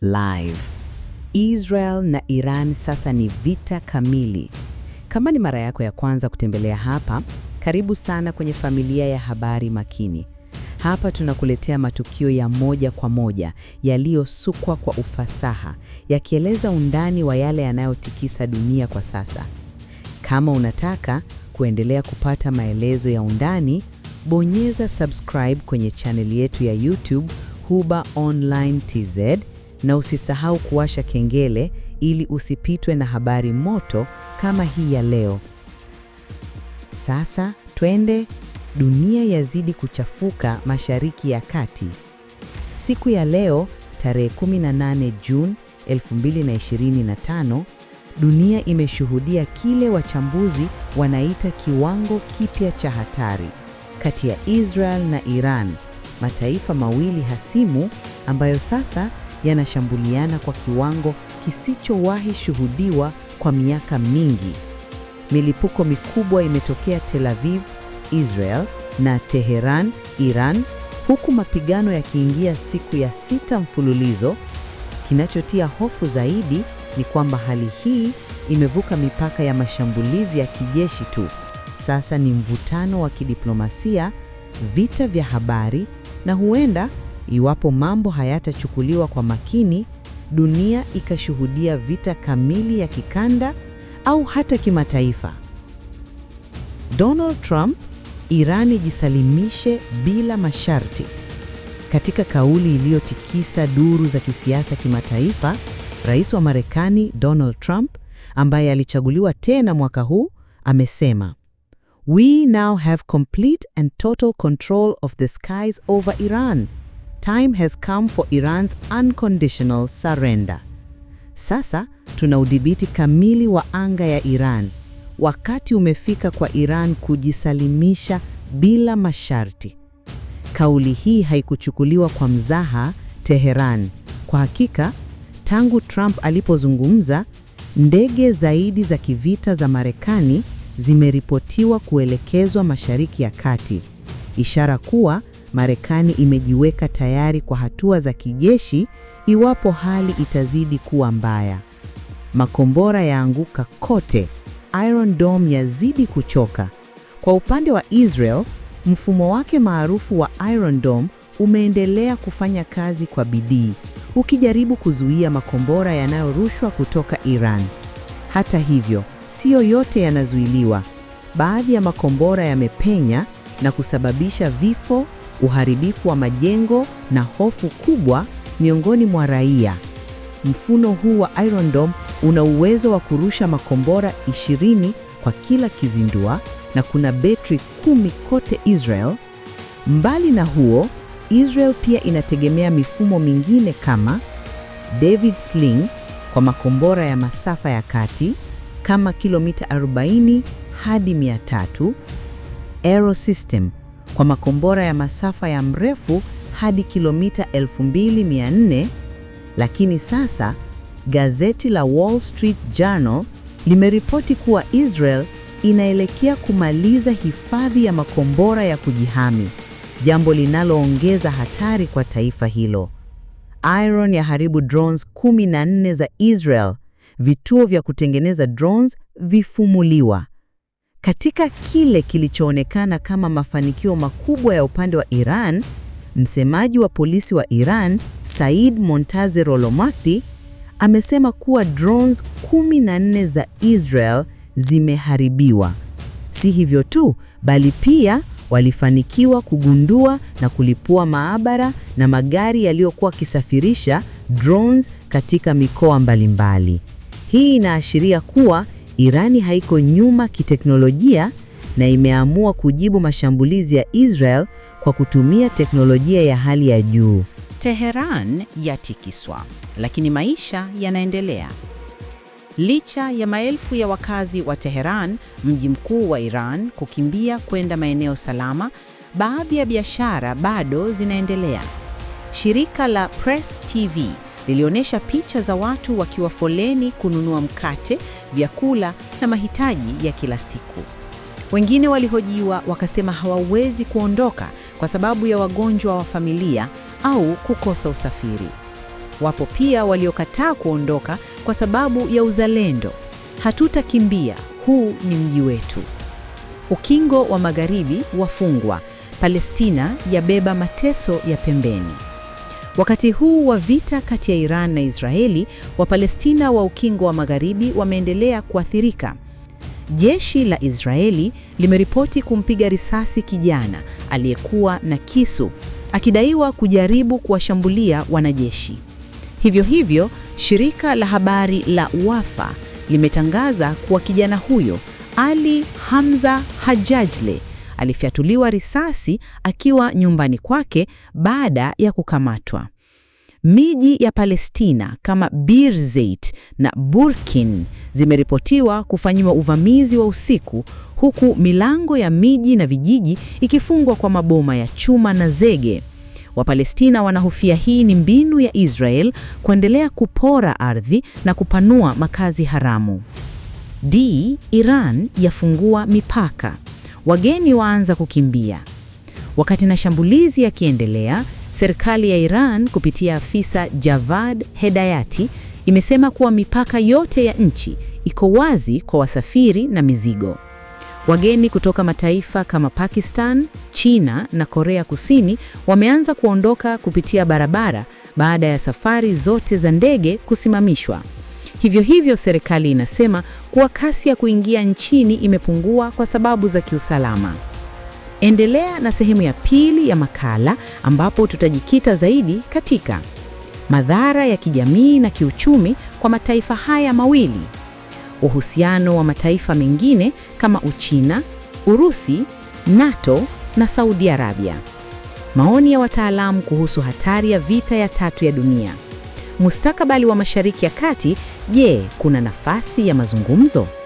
live. Israel na Iran sasa ni vita kamili. Kama ni mara yako ya kwanza kutembelea hapa, karibu sana kwenye familia ya Habari Makini. Hapa tunakuletea matukio ya moja kwa moja yaliyosukwa kwa ufasaha, yakieleza undani wa yale yanayotikisa dunia kwa sasa. Kama unataka kuendelea kupata maelezo ya undani, bonyeza subscribe kwenye chaneli yetu ya YouTube Hubah Online TZ na usisahau kuwasha kengele ili usipitwe na habari moto kama hii ya leo. Sasa twende, dunia yazidi kuchafuka Mashariki ya Kati. Siku ya leo tarehe 18 Juni 2025, dunia imeshuhudia kile wachambuzi wanaita kiwango kipya cha hatari kati ya Israel na Iran, mataifa mawili hasimu ambayo sasa yanashambuliana kwa kiwango kisichowahi shuhudiwa kwa miaka mingi. Milipuko mikubwa imetokea Tel Aviv, Israel na Teheran, Iran, huku mapigano yakiingia siku ya sita mfululizo. Kinachotia hofu zaidi ni kwamba hali hii imevuka mipaka ya mashambulizi ya kijeshi tu. Sasa ni mvutano wa kidiplomasia, vita vya habari na huenda Iwapo mambo hayatachukuliwa kwa makini, dunia ikashuhudia vita kamili ya kikanda au hata kimataifa. Donald Trump, Iran ijisalimishe bila masharti. Katika kauli iliyotikisa duru za kisiasa kimataifa, Rais wa Marekani Donald Trump, ambaye alichaguliwa tena mwaka huu, amesema, We now have complete and total control of the skies over Iran. Time has come for Iran's unconditional surrender. Sasa tuna udhibiti kamili wa anga ya Iran. Wakati umefika kwa Iran kujisalimisha bila masharti. Kauli hii haikuchukuliwa kwa mzaha Teheran. Kwa hakika, tangu Trump alipozungumza, ndege zaidi za kivita za Marekani zimeripotiwa kuelekezwa Mashariki ya Kati, ishara kuwa Marekani imejiweka tayari kwa hatua za kijeshi iwapo hali itazidi kuwa mbaya. Makombora yaanguka kote, Iron Dome yazidi kuchoka. Kwa upande wa Israel, mfumo wake maarufu wa Iron Dome umeendelea kufanya kazi kwa bidii, ukijaribu kuzuia makombora yanayorushwa kutoka Iran. Hata hivyo, siyo yote yanazuiliwa. Baadhi ya makombora yamepenya na kusababisha vifo uharibifu wa majengo na hofu kubwa miongoni mwa raia. Mfuno huu wa Iron Dome una uwezo wa kurusha makombora 20 kwa kila kizindua na kuna betri kumi kote Israel. Mbali na huo, Israel pia inategemea mifumo mingine kama David Sling kwa makombora ya masafa ya kati kama kilomita 40 hadi 300, Aero System kwa makombora ya masafa ya mrefu hadi kilomita 2400 lakini sasa gazeti la Wall Street Journal limeripoti kuwa Israel inaelekea kumaliza hifadhi ya makombora ya kujihami, jambo linaloongeza hatari kwa taifa hilo. Iron ya haribu drones 14 za Israel, vituo vya kutengeneza drones vifumuliwa. Katika kile kilichoonekana kama mafanikio makubwa ya upande wa Iran, msemaji wa polisi wa Iran, Said Montaze Rolomathi, amesema kuwa drones 14 za Israel zimeharibiwa. Si hivyo tu, bali pia walifanikiwa kugundua na kulipua maabara na magari yaliyokuwa akisafirisha drones katika mikoa mbalimbali. Hii inaashiria kuwa Irani haiko nyuma kiteknolojia na imeamua kujibu mashambulizi ya Israel kwa kutumia teknolojia ya hali ya juu. Teheran yatikiswa, lakini maisha yanaendelea. Licha ya maelfu ya wakazi wa Teheran, mji mkuu wa Iran, kukimbia kwenda maeneo salama, baadhi ya biashara bado zinaendelea. Shirika la Press TV lilionyesha picha za watu wakiwa foleni kununua mkate, vyakula na mahitaji ya kila siku. Wengine walihojiwa wakasema hawawezi kuondoka kwa sababu ya wagonjwa wa familia au kukosa usafiri. Wapo pia waliokataa kuondoka kwa sababu ya uzalendo. Hatutakimbia, huu ni mji wetu. Ukingo wa Magharibi wafungwa, Palestina yabeba mateso ya pembeni. Wakati huu wa vita kati ya Iran na Israeli, Wapalestina wa Ukingo wa Magharibi wameendelea kuathirika. Jeshi la Israeli limeripoti kumpiga risasi kijana aliyekuwa na kisu akidaiwa kujaribu kuwashambulia wanajeshi. Hivyo hivyo, shirika la habari la Wafa limetangaza kuwa kijana huyo Ali Hamza Hajajle alifyatuliwa risasi akiwa nyumbani kwake baada ya kukamatwa. Miji ya Palestina kama Birzeit na Burkin zimeripotiwa kufanyiwa uvamizi wa usiku, huku milango ya miji na vijiji ikifungwa kwa maboma ya chuma na zege. Wapalestina wanahofia hii ni mbinu ya Israel kuendelea kupora ardhi na kupanua makazi haramu. D. Iran yafungua mipaka wageni waanza kukimbia. Wakati na shambulizi yakiendelea, serikali ya Iran kupitia afisa Javad Hedayati imesema kuwa mipaka yote ya nchi iko wazi kwa wasafiri na mizigo. Wageni kutoka mataifa kama Pakistan, China na Korea Kusini wameanza kuondoka kupitia barabara baada ya safari zote za ndege kusimamishwa. Hivyo hivyo, serikali inasema kuwa kasi ya kuingia nchini imepungua kwa sababu za kiusalama. Endelea na sehemu ya pili ya makala ambapo tutajikita zaidi katika madhara ya kijamii na kiuchumi kwa mataifa haya mawili, uhusiano wa mataifa mengine kama Uchina, Urusi, NATO na Saudi Arabia, maoni ya wataalamu kuhusu hatari ya vita ya tatu ya dunia mustakabali wa Mashariki ya Kati, je, kuna nafasi ya mazungumzo?